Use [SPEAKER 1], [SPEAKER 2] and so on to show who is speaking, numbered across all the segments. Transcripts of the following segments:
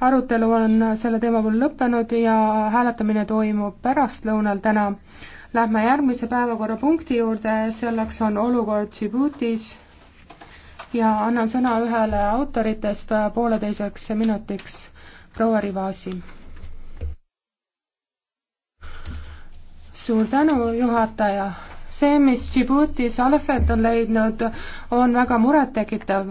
[SPEAKER 1] arutelu on selle teema puhul lõppenud ja hääletamine toimub pärastlõunal täna. Lähme järgmise päevakorrapunkti juurde, selleks on olukord Djiboutis ja annan sõna ühele autoritest pooleteiseks minutiks, proua Rivasi. suur tänu, juhataja. see, mis Djiboutis aset on leidnud, on väga murettekitav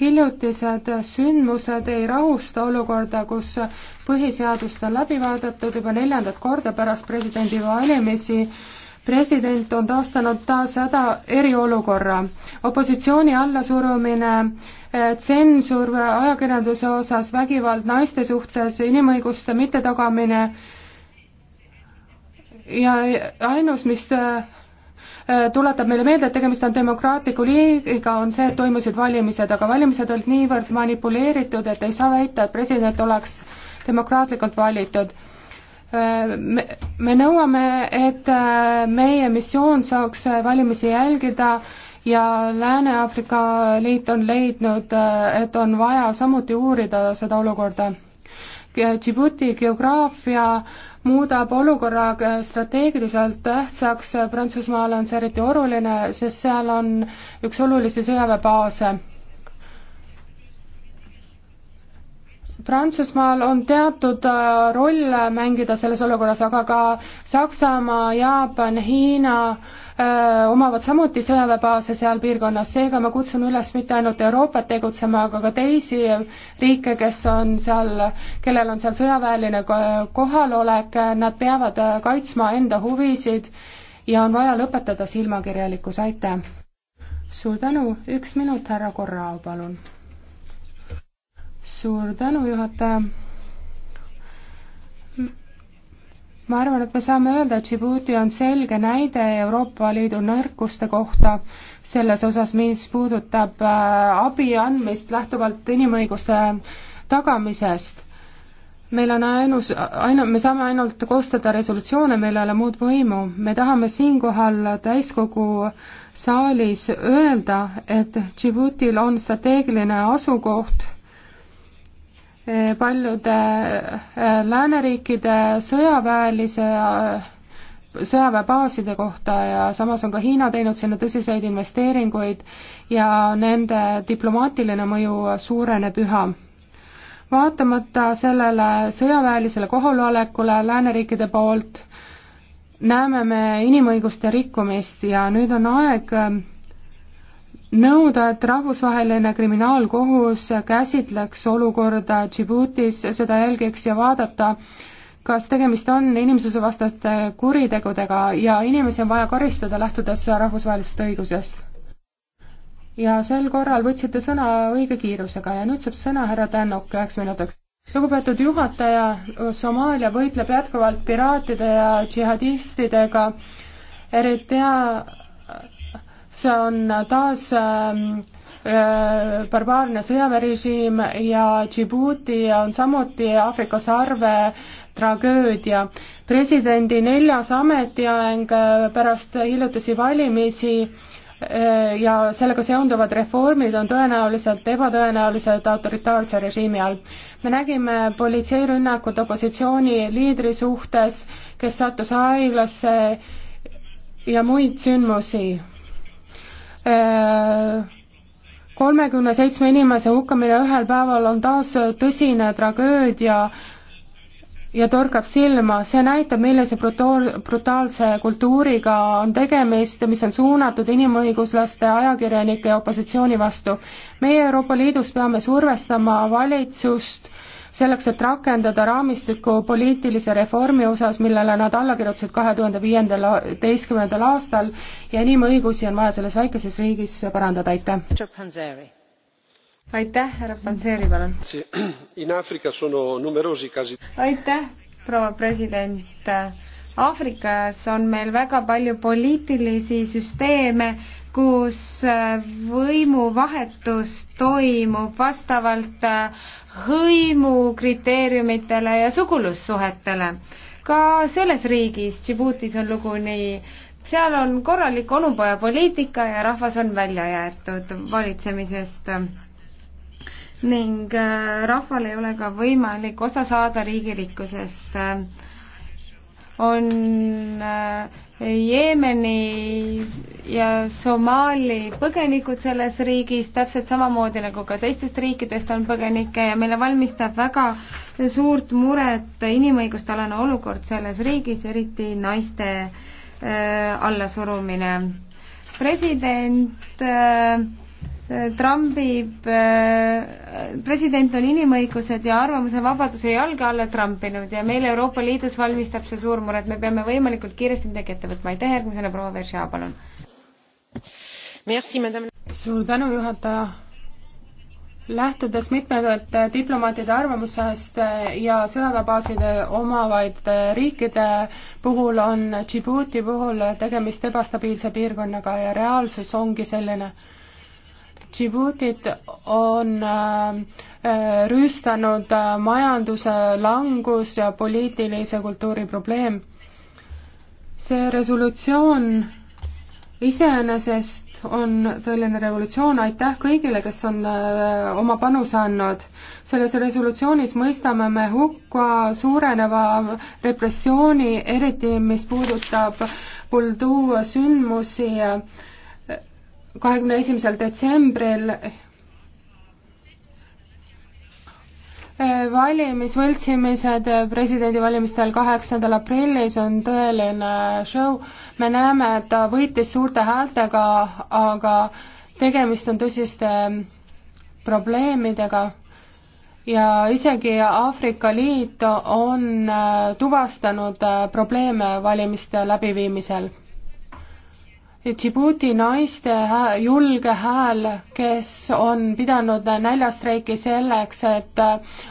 [SPEAKER 1] hiljutised sündmused ei rahusta olukorda, kus põhiseadust on läbi vaadatud juba neljandat korda pärast presidendivalimisi president on taastanud taas häda eriolukorra. opositsiooni allasurumine, eh, tsensuur ajakirjanduse osas, vägivald naiste suhtes, inimõiguste mittetagamine ja ainus, mis eh, Äh, tuletab meile meelde, et tegemist on demokraatliku liigiga, on see, et toimusid valimised, aga valimised olid niivõrd manipuleeritud, et ei saa väita, et president oleks demokraatlikult valitud. Äh, me, me nõuame, et äh, meie missioon saaks valimisi jälgida ja Lääne-Aafrika Liit on leidnud, et on vaja samuti uurida seda olukorda. Djibouti geograafia muudab olukorra strateegiliselt tähtsaks, Prantsusmaal on see eriti oluline, sest seal on üks olulisi sõjaväebaase Prantsusmaal on teatud äh, roll mängida selles olukorras, aga ka Saksamaa, Jaapan, Hiina öö, äh, omavad samuti sõjaväebaase seal piirkonnas, seega ma kutsun üles mitte ainult Euroopat tegutsema, aga ka teisi riike, kes on seal, kellel on seal sõjaväeline kohalolek, nad peavad äh, kaitsma enda huvisid ja on vaja lõpetada silmakirjalikkus, aitäh! suur tänu, üks minut, härra Korrao, palun suur tänu, juhataja. ma arvan, et me saame öelda, et Djibouti on selge näide Euroopa Liidu nõrkuste kohta selles osas, mis puudutab äh, abi andmist lähtuvalt inimõiguste tagamisest. meil on ainus, ainu-, me saame ainult koostada resolutsioone, meil ei ole muud võimu. me tahame siinkohal täiskogu saalis öelda, et Djiboutil on strateegiline asukoht paljude äh, lääneriikide sõjaväelise äh, sõjaväebaaside kohta ja samas on ka Hiina teinud sinna tõsiseid investeeringuid ja nende diplomaatiline mõju suureneb üha. vaatamata sellele sõjaväelisele kohalolekule lääneriikide poolt näeme me inimõiguste rikkumist ja nüüd on aeg äh, nõuda, et rahvusvaheline kriminaalkohus käsitleks olukorda Djiboutis, seda jälgiks ja vaadata, kas tegemist on inimsusevastaste kuritegudega ja inimesi on vaja karistada, lähtudes rahvusvahelisest õigusest. ja sel korral võtsite sõna õige kiirusega ja nüüd saab sõna härra Tännok üheks minutiks. lugupeetud juhataja, Somaalia võitleb jätkuvalt piraatide ja džihadistidega, eriti see on taas ähm, äh, barbaarne sõjaväerežiim ja Djibouti on samuti Aafrika sarve tragöödia. presidendi neljas ametiaeg äh, pärast hiljutisi valimisi äh, ja sellega seonduvad reformid on tõenäoliselt ebatõenäoliselt autoritaarse režiimi all. me nägime politseirünnakut opositsiooni liidri suhtes, kes sattus haiglasse ja muid sündmusi Äh, kolmekümne seitsme inimese hukkamine ühel päeval on taas tõsine tragöödia ja torkab silma, see näitab, millise brutoor, brutaalse kultuuriga on tegemist, mis on suunatud inimõiguslaste, ajakirjanike ja opositsiooni vastu. meie Euroopa Liidus peame survestama valitsust äh, selleks, et rakendada raamistikku poliitilise reformi osas, millele nad alla kirjutasid kahe tuhande viiendal, teistkümnendal aastal ja inimõigusi on vaja selles väikeses riigis parandada,
[SPEAKER 2] aitäh! aitäh, härra Panseri, palun! aitäh, proua president! Aafrikas on meil väga palju poliitilisi süsteeme, kus äh, võimuvahetus toimub vastavalt äh, hõimukriteeriumitele ja sugulussuhetele. ka selles riigis, Djiboutis on lugu nii, seal on korralik onupojapoliitika ja rahvas on välja jäetud valitsemisest ning äh, rahval ei ole ka võimalik osa saada riigi rikkusest on äh, Jeemeni ja Somaali põgenikud selles riigis, täpselt samamoodi nagu ka teistest riikidest on põgenikke ja meile valmistab väga suurt muret inimõigustalane olukord selles riigis, eriti naiste äh, allasurumine. president äh, Eh, trambib, eh, president on inimõigused ja arvamusevabaduse jalge alla trampinud ja meil Euroopa Liidus valmistab see suur mure, et me peame võimalikult kiiresti midagi ette võtma. aitäh, järgmisena proua Veržea, palun.
[SPEAKER 1] suur tänu, juhataja. lähtudes mitmete diplomaatide arvamusest eh, ja sõjaväebaaside omavaid riikide puhul on Djibouti puhul tegemist ebastabiilse piirkonnaga ja reaalsus ongi selline Djiboutit on äh, rüüstanud äh, majanduse langus ja poliitilise kultuuri probleem. see resolutsioon iseenesest on tõeline revolutsioon, aitäh kõigile, kes on äh, oma panuse andnud. selles resolutsioonis mõistame me hukka suureneva repressiooni, eriti mis puudutab Buldu sündmusi kahekümne esimesel detsembril eh, valimisvõltsimised presidendivalimistel kaheksandal aprillis on tõeline show. me näeme, et ta võitis suurte häältega, aga tegemist on tõsiste probleemidega ja isegi Aafrika Liit on eh, tuvastanud eh, probleeme valimiste läbiviimisel Djibouti naiste hää, julge hääl, kes on pidanud näljastreiki selleks, et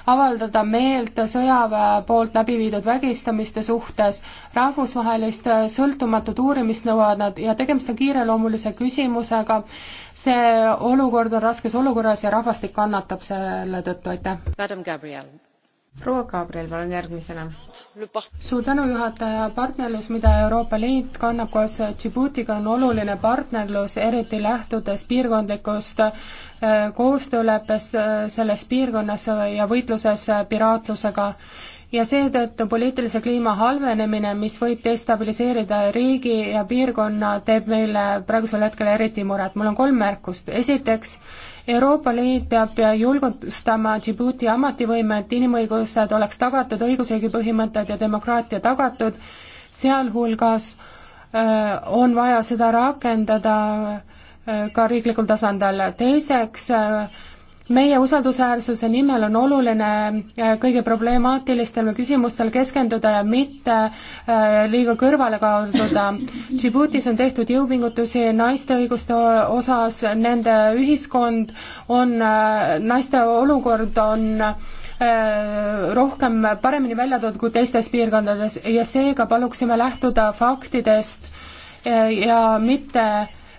[SPEAKER 1] avaldada meelt sõjaväe poolt läbi viidud vägistamiste suhtes. rahvusvahelist sõltumatut uurimist nõuavad nad ja tegemist on kiireloomulise küsimusega. see olukord on raskes olukorras ja rahvastik kannatab selle tõttu, aitäh
[SPEAKER 2] proua Gabriel, palun järgmisena.
[SPEAKER 1] suur tänu, juhataja, partnerlus, mida Euroopa Liit kannab koos Djiboutiga, on oluline partnerlus, eriti lähtudes piirkondlikust äh, koostööleppest äh, selles piirkonnas äh, ja võitluses piraatlusega ja seetõttu poliitilise kliima halvenemine, mis võib destabiliseerida riigi ja piirkonna, teeb meile praegusel hetkel eriti muret. mul on kolm märkust. esiteks, Euroopa Liit peab julgustama Djibouti ametivõime, et inimõigused oleks tagatud, õigusriigi põhimõtted ja demokraatia tagatud, sealhulgas äh, on vaja seda rakendada äh, ka riiklikul tasandil. teiseks äh, meie usaldusväärsuse nimel on oluline äh, kõige problemaatilistel küsimustel keskenduda ja mitte äh, liiga kõrvale kalduda. Djiboutis on tehtud jõupingutusi naiste õiguste osas, nende ühiskond on, äh, naiste olukord on rohkem, paremini välja toodud kui teistes piirkondades ja seega paluksime lähtuda faktidest ja mitte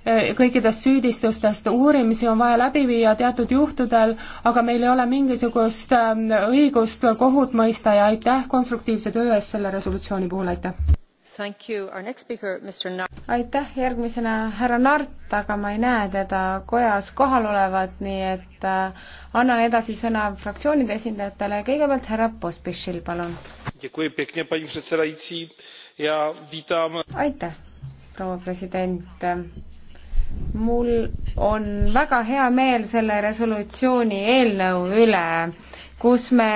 [SPEAKER 1] Äh, kõikidest süüdistustest. uurimisi on vaja läbi viia teatud juhtudel, aga meil ei ole mingisugust ähm, õigust kohut mõista ja aitäh konstruktiivse töö eest selle resolutsiooni puhul, aitäh!
[SPEAKER 3] Speaker,
[SPEAKER 2] aitäh, järgmisena härra Nart, aga ma ei näe teda kojas kohal olevat, nii et äh, annan edasi sõna fraktsioonide esindajatele, kõigepealt härra Pospišil, palun. aitäh, proua president mul on väga hea meel selle resolutsiooni eelnõu üle, kus me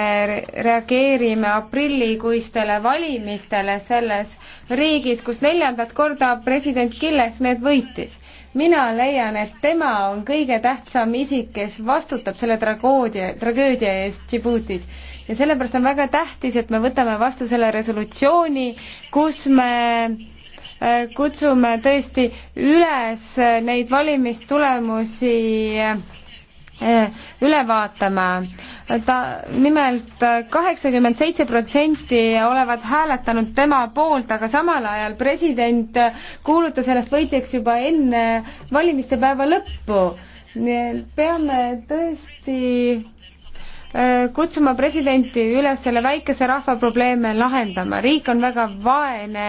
[SPEAKER 2] reageerime aprillikuistele valimistele selles riigis, kus neljandat korda president Killek need võitis. mina leian, et tema on kõige tähtsam isik, kes vastutab selle tragoodia, tragöödia eest Djiboutis ja sellepärast on väga tähtis, et me võtame vastu selle resolutsiooni, kus me kutsume tõesti üles neid valimistulemusi eh, üle vaatama. ta nimelt kaheksakümmend seitse protsenti olevat hääletanud tema poolt, aga samal ajal president kuulutas ennast võitjaks juba enne valimiste päeva lõppu. peame tõesti Äh, kutsuma presidenti üles selle väikese rahva probleeme lahendama. riik on väga vaene,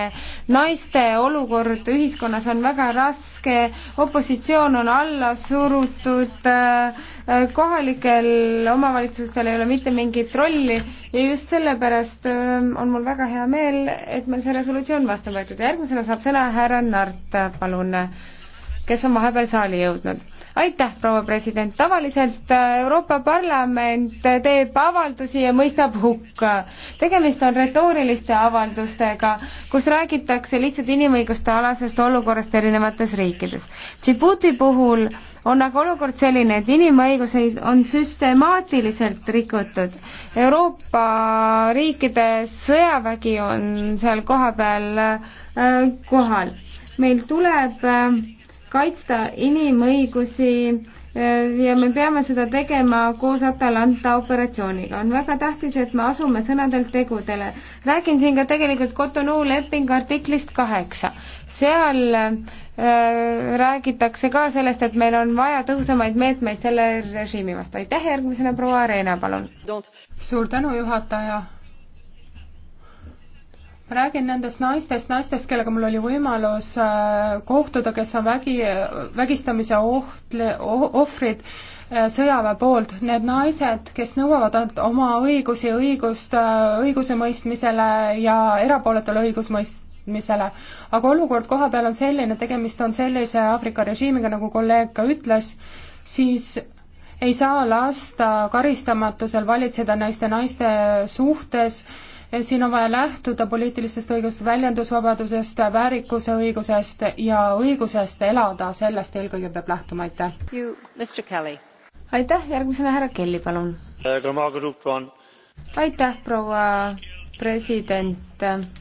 [SPEAKER 2] naiste olukord ühiskonnas on väga raske, opositsioon on alla surutud, äh, äh, kohalikel omavalitsustel ei ole mitte mingit rolli ja just sellepärast on mul väga hea meel, et meil see resolutsioon vastu võetud. järgmisena saab sõna härra Nart, palun kes on vahepeal saali jõudnud. aitäh, proua president, tavaliselt äh, Euroopa Parlament äh, teeb avaldusi ja mõistab hukka. tegemist on retooriliste avaldustega, kus räägitakse lihtsalt inimõiguste alasest olukorrast erinevates riikides. Djibouti puhul on aga olukord selline, et inimõiguseid on süstemaatiliselt rikutud. Euroopa riikide sõjavägi on seal kohapeal äh, kohal. meil tuleb äh, kaitsta inimõigusi eh, ja me peame seda tegema koos Atalanta operatsiooniga. on väga tähtis, et me asume sõnadelt tegudele. räägin siin ka tegelikult Cotonou lepingu artiklist kaheksa. seal äh, räägitakse ka sellest, et meil on vaja tõhusamaid meetmeid selle režiimi vastu. aitäh, järgmisena proua Reena, palun! suur tänu, juhataja! ma räägin nendest naistest, naistest, kellega mul oli
[SPEAKER 1] võimalus äh, kohtuda, kes on vägi, vägistamise oht, oh-, ohvrid äh, sõjaväe poolt. Need naised, kes nõuavad ainult oma õigusi, õigust äh, õigusemõistmisele ja erapooletule õigusmõistmisele. aga olukord koha peal on selline, tegemist on sellise Aafrika režiimiga, nagu kolleeg ka ütles, siis ei saa lasta karistamatusel valitseda naiste naiste suhtes äh, siin on vaja lähtuda poliitilisest õigust, väljendusvabadusest, väärikuse õigusest ja õigusest elada, sellest eelkõige peab lähtuma, aitäh.
[SPEAKER 2] aitäh, järgmisena härra Kelly, palun. aitäh, proua president.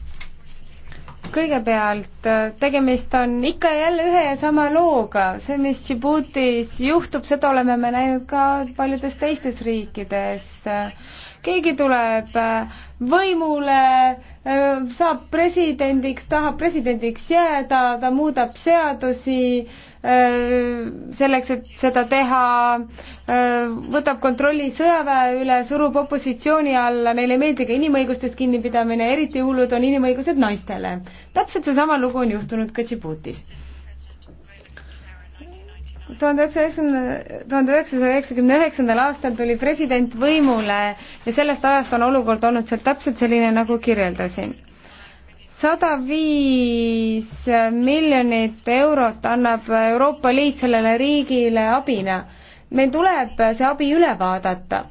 [SPEAKER 2] kõigepealt tegemist on ikka ja jälle ühe ja sama looga, see, mis Djiboutis juhtub, seda oleme me näinud ka paljudes teistes riikides keegi tuleb äh, võimule, äh, saab presidendiks, tahab presidendiks jääda, ta muudab seadusi äh, selleks, et seda teha, võtab kontrolli sõjaväe üle, surub opositsiooni alla, neile ei meeldi ka inimõigustest kinnipidamine, eriti hullud on inimõigused naistele. täpselt seesama lugu on juhtunud ka Djiboutis tuhande üheksasaja, tuhande üheksasaja üheksakümne üheksandal aastal tuli president võimule ja sellest ajast on olukord olnud seal täpselt selline, nagu kirjeldasin. sada viis miljonit eurot annab Euroopa Liit sellele riigile abina. meil tuleb see abi üle vaadata.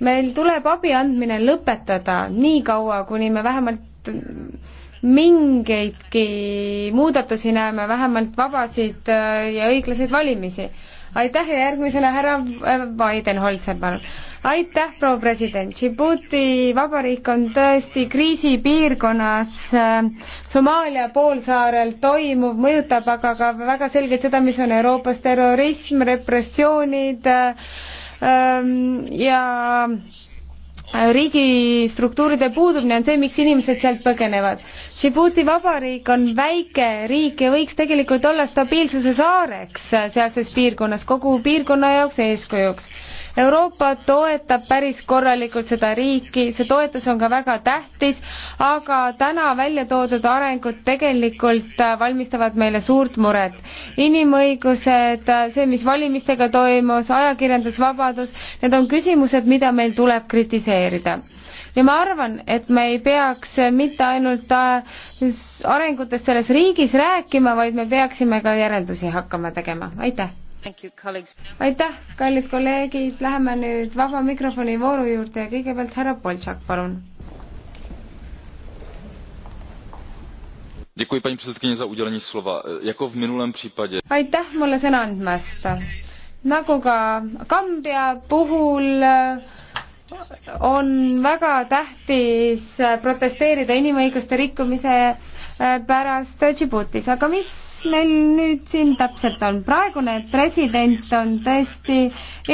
[SPEAKER 2] meil tuleb abi andmine lõpetada nii kaua, kuni me vähemalt mingeidki muudatusi näeme, vähemalt vabasid äh, ja õiglaseid valimisi. aitäh ja järgmisena härra Biden-Holzer, äh, palun. aitäh, proua president. Djibouti vabariik on tõesti kriisipiirkonnas äh, Somaalia poolsaarel toimuv, mõjutab aga ka väga selgelt seda, mis on Euroopas terrorism, repressioonid ähm, ja riigistruktuuride puudumine on see, miks inimesed sealt põgenevad. Djibouti vabariik on väike riik ja võiks tegelikult olla stabiilsuse saareks sealses piirkonnas, kogu piirkonna jaoks eeskujuks Euroopa toetab päris korralikult seda riiki, see toetus on ka väga tähtis, aga täna välja toodud arengud tegelikult äh, valmistavad meile suurt muret. inimõigused, äh, see, mis valimistega toimus, ajakirjandusvabadus, need on küsimused, mida meil tuleb kritiseerida ja ma arvan, et me ei peaks mitte ainult äh, arengutest selles riigis rääkima, vaid me peaksime ka järeldusi hakkama tegema, aitäh! aitäh, kallid kolleegid, läheme nüüd vaba mikrofoni vooru juurde ja kõigepealt härra Boltšak, palun. aitäh mulle sõna andmast. nagu ka Kambja puhul on väga tähtis protesteerida inimõiguste rikkumise pärast Djiboutis, aga mis meil nüüd siin täpselt on? praegune president on tõesti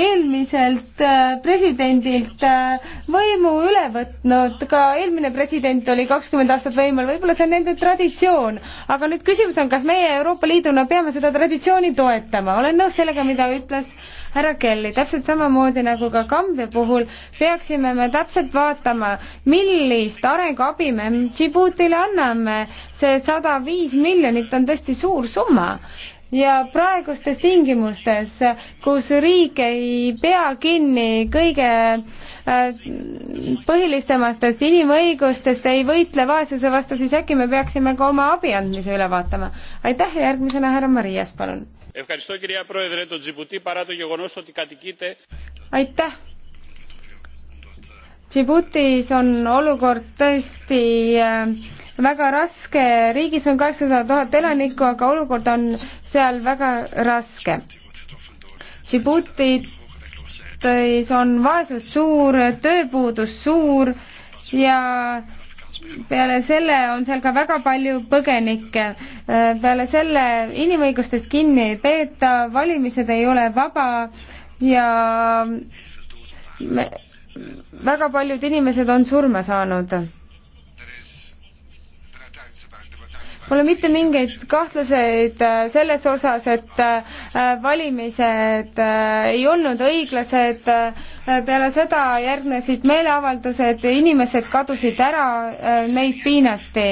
[SPEAKER 2] eelmiselt äh, presidendilt äh, võimu üle võtnud, ka eelmine president oli kakskümmend aastat võimul, võib-olla see on nende traditsioon. aga nüüd küsimus on, kas meie Euroopa Liiduna peame seda traditsiooni toetama? olen nõus sellega, mida ütles äh, härra Kelly, täpselt samamoodi nagu ka Kambja puhul peaksime me täpselt vaatama, millist arenguabi me Djiboutile anname. see sada viis miljonit on tõesti suur summa ja praegustes tingimustes, kus riik ei pea kinni kõige äh, põhilisematest inimõigustest, ei võitle vaesuse vastu, siis äkki me peaksime ka oma abi andmise üle vaatama. aitäh ja järgmisena härra Marias, palun aitäh! Djiboutis on olukord tõesti väga raske, riigis on kaheksasada tuhat elanikku, aga olukord on seal väga raske. Djiboutis on vaesus suur, tööpuudus suur ja peale selle on seal ka väga palju põgenikke. Äh, peale selle inimõigustest kinni ei peeta, valimised ei ole vaba ja me, väga paljud inimesed on surma saanud Pole mitte mingeid kahtluseid äh, selles osas, et äh, valimised äh, ei olnud õiglased, peale seda järgnesid meeleavaldused, inimesed kadusid ära, neid piinati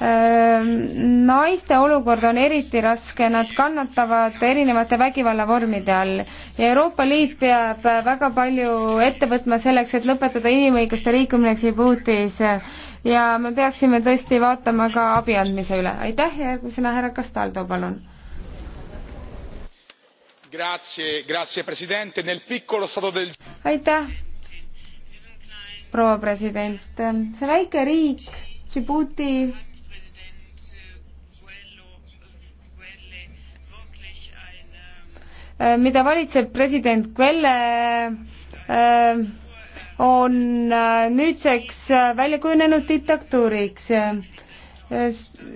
[SPEAKER 2] naiste olukord on eriti raske, nad kannatavad erinevate vägivallavormide all ja Euroopa Liit peab väga palju ette võtma selleks, et lõpetada inimõiguste liikumine Djiboutis ja me peaksime tõesti vaatama ka abi andmise üle. aitäh, järgmisena härra Castaldo, palun. aitäh, proua president, see väike riik Djibouti Äh, mida valitseb president Quelle, äh, on äh, nüüdseks välja kujunenud diktatuuriks.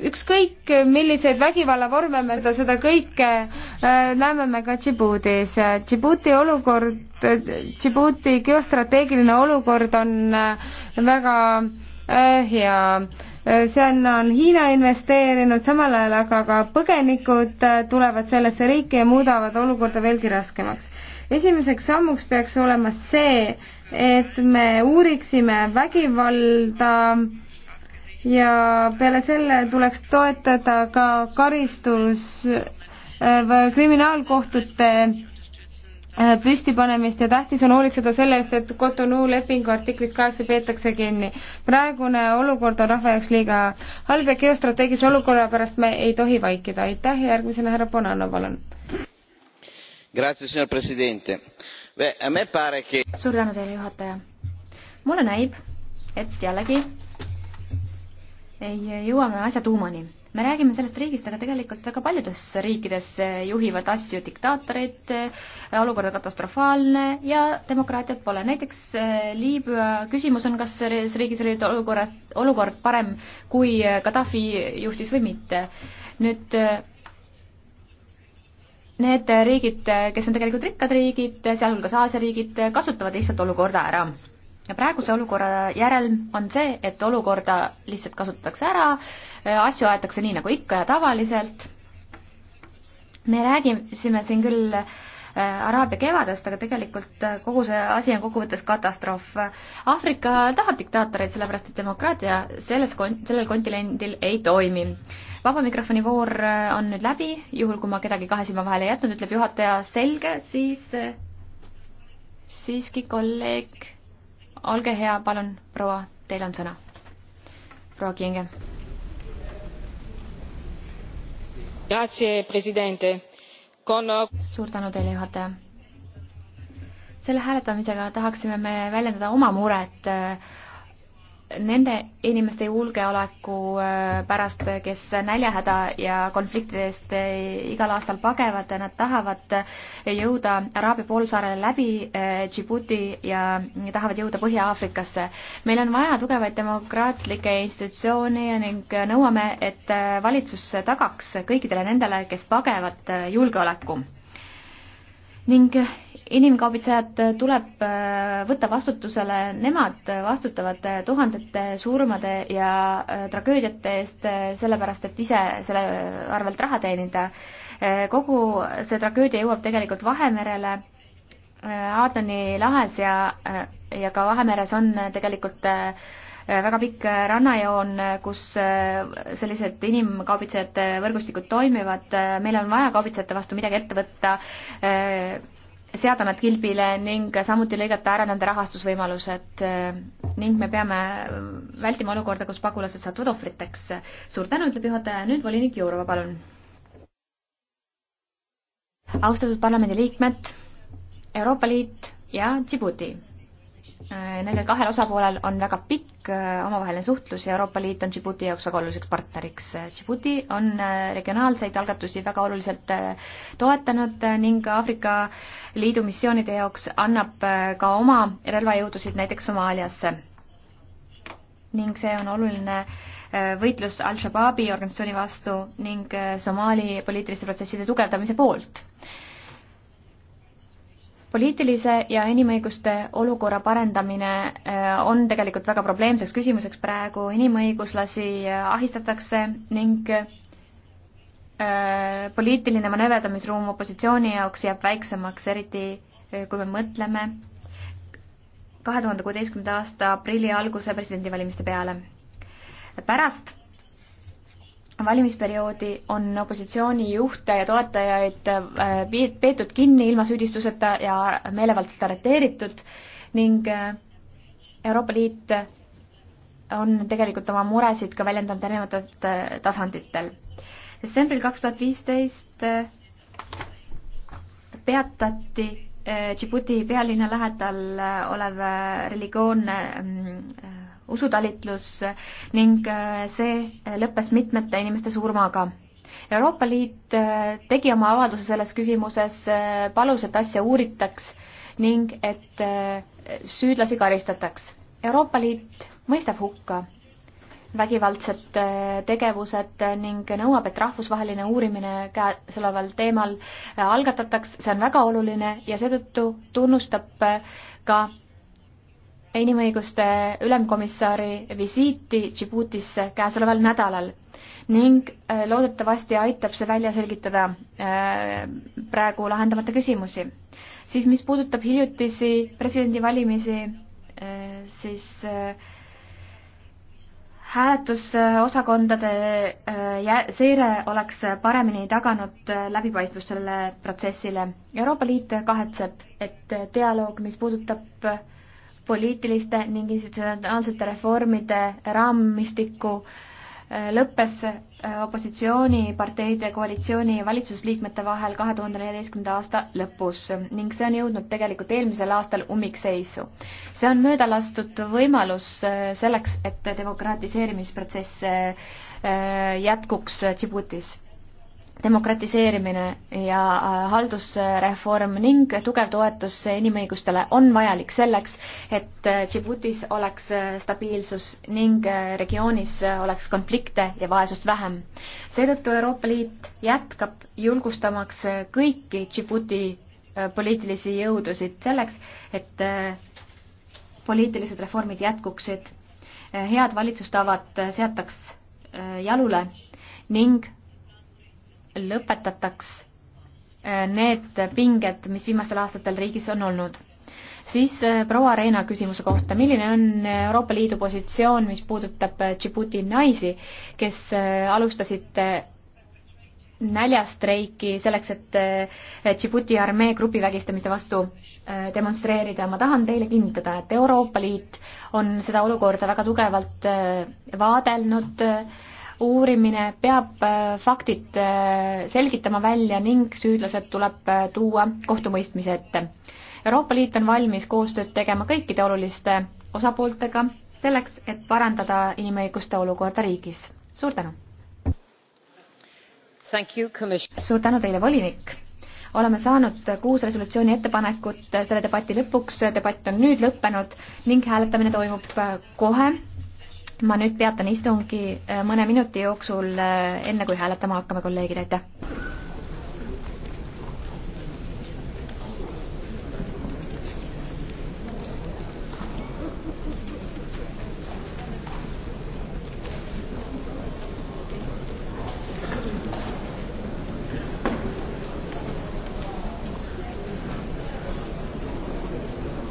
[SPEAKER 2] ükskõik, milliseid vägivallavorme me seda, seda kõike näeme me ka Djiboutis. Djibouti olukord, Djibouti geostrateegiline olukord on väga hea sinna on Hiina investeerinud, samal ajal aga ka põgenikud äh, tulevad sellesse riiki ja muudavad olukorda veelgi raskemaks. esimeseks sammuks peaks olema see, et me uuriksime vägivalda ja peale selle tuleks toetada ka karistus äh, kriminaalkohtute Äh, püstipanemist ja tähtis on hoolitseda selle eest, et Cotonou lepingu artiklist kaheksa peetakse kinni. praegune olukord on rahva jaoks liiga halb ja geostrateegilise olukorra pärast me ei tohi vaikida. aitäh ja järgmisena härra Bonanno, palun. suur
[SPEAKER 3] tänu teile, juhataja. mulle näib, et jällegi ei jõua me asja tuumani me räägime sellest riigist, aga tegelikult väga paljudes riikides juhivad asju diktaatorid, olukord on katastrofaalne ja demokraatiat pole. näiteks eh, Liibüa küsimus on, kas selles riigis oli olukorrad, olukord parem, kui eh, Gaddafi juhtis või mitte. nüüd eh, need riigid, kes on tegelikult rikkad riigid, sealhulgas Aasia riigid, kasutavad lihtsalt olukorda ära ja praeguse olukorra järelm on see, et olukorda lihtsalt kasutatakse ära, äh, asju aetakse nii, nagu ikka ja tavaliselt. me räägisime siin küll äh, Araabia kevadest, aga tegelikult äh, kogu see asi on kokkuvõttes katastroof. Aafrika tahab diktaatoreid, sellepärast et demokraatia selles kon-, sellel kontinendil ei toimi. vaba mikrofoni voor on nüüd läbi, juhul kui ma kedagi kahe silma vahele ei jätnud, ütleb juhataja, selge, siis siiski kolleeg olge hea, palun, proua, teil on sõna. proua Kienge. suur tänu teile, juhataja. selle hääletamisega tahaksime me väljendada oma muret äh, nende inimeste julgeoleku äh, pärast, kes näljahäda ja konfliktide eest äh, igal aastal pagevad, nad tahavad äh, jõuda Araabia poolsaarele läbi Djibouti ja tahavad jõuda Põhja-Aafrikasse. meil on vaja tugevaid demokraatlikke institutsioone ning nõuame, et valitsus tagaks kõikidele nendele, kes pagevad, julgeoleku. ning inimkaubitsejad tuleb äh, võtta vastutusele, nemad vastutavad äh, tuhandete surmade ja äh, tragöödiate eest, sellepärast et ise selle arvelt raha teenida. kogu see tragöödia jõuab tegelikult Vahemerele, Aadani lahes ja, ja ka Vahemeres on tegelikult väga pikk rannajoon, kus sellised inimkaubitsejate võrgustikud toimivad, meil on vaja kaubitsejate vastu midagi ette võtta seada nad kilbile ning samuti lõigata ära nende rahastusvõimalused äh, ning me peame äh, vältima olukorda, kus pagulased satuvad ohvriteks. suur tänu, ütleb juhataja, nüüd volinik Jourova, palun. austatud parlamendiliikmed, Euroopa Liit ja Djibouti Äh, nendel kahel osapoolel on väga pikk äh, omavaheline suhtlus ja Euroopa Liit on Djibouti jaoks väga oluliseks partneriks. Äh, Djibouti on regionaalseid algatusi väga oluliselt toetanud ning Aafrika Liidu missioonide jaoks annab ka oma relvajõudusid näiteks Somaaliasse. ning see on oluline võitlus Al-Shabaabi organisatsiooni vastu ning Somaali poliitiliste protsesside tugevdamise poolt poliitilise ja inimõiguste olukorra parendamine äh, on tegelikult väga probleemseks küsimuseks praegu, inimõiguslasi äh, ahistatakse ning äh, poliitiline manööverdamisruum opositsiooni jaoks jääb väiksemaks, eriti kui me mõtleme kahe tuhande kuueteistkümnenda aasta aprilli alguse presidendivalimiste peale. pärast valimisperioodi on opositsiooni juhte ja toetajaid äh, peetud kinni ilma süüdistuseta ja meelevaldselt arreteeritud ning äh, Euroopa Liit on tegelikult oma muresid ka väljendanud erinevatel äh, tasanditel. detsembril kaks tuhat viisteist peatati Djibouti pealinna lähedal olev religioonne mm, usutalitlus ning äh, see lõppes mitmete inimeste surmaga. Euroopa Liit äh, tegi oma avalduse selles küsimuses, äh, palus, et asja uuritaks ning et süüdlasi karistataks. Euroopa Liit mõistab hukka vägivaldsed tegevused ning nõuab, et rahvusvaheline uurimine käesoleval teemal algatataks, see on väga oluline ja seetõttu tunnustab ka inimõiguste ülemkomissari visiiti Djiboutisse käesoleval nädalal ning äh, loodetavasti aitab see välja selgitada äh, praegu lahendamata küsimusi. siis mis puudutab hiljutisi presidendivalimisi, äh, siis hääletusosakondade seire oleks paremini taganud läbipaistvust sellele protsessile. Euroopa Liit kahetseb, et dialoog, mis puudutab poliitiliste ning institutsionaalsete reformide raamistikku äh, lõppes äh, opositsiooniparteide, koalitsiooni ja valitsusliikmete vahel kahe tuhande neljateistkümnenda aasta lõpus ning see on jõudnud tegelikult eelmisel aastal ummikseisu. see on möödalastud võimalus äh, selleks, et demokratiseerimisprotsess jätkuks Djiboutis demokratiseerimine ja äh, haldusreform ning tugev toetus inimõigustele on vajalik selleks, et äh, Djiboutis oleks äh, stabiilsus ning regioonis oleks konflikte ja vaesust vähem. seetõttu Euroopa Liit jätkab julgustamaks kõiki Djibouti poliitilisi jõudusid selleks, et poliitilised reformid jätkuksid, head valitsustavad seataks jalule ning lõpetataks äh, need pinged, mis viimastel aastatel riigis on olnud. siis äh, proua Reena küsimuse kohta, milline on Euroopa Liidu positsioon, mis puudutab äh, Djibouti naisi, kes alustasid näljastreiki selleks, et Djibouti armee grupivägistamiste vastu demonstreerida. ma tahan teile kinnitada, et Euroopa Liit on seda olukorda väga tugevalt vaadelnud uurimine peab äh, faktid äh, selgitama välja ning süüdlased tuleb äh, tuua kohtumõistmise ette. Euroopa Liit on valmis koostööd tegema kõikide oluliste osapooltega selleks, et parandada inimõiguste olukorda riigis. suur tänu! suur tänu teile, volinik! oleme saanud kuus resolutsiooni ettepanekut selle debati lõpuks, debatt on nüüd lõppenud ning hääletamine toimub kohe ma nüüd peatan istungi äh, mõne minuti jooksul, äh, enne kui hääletama hakkame, kolleegid, aitäh!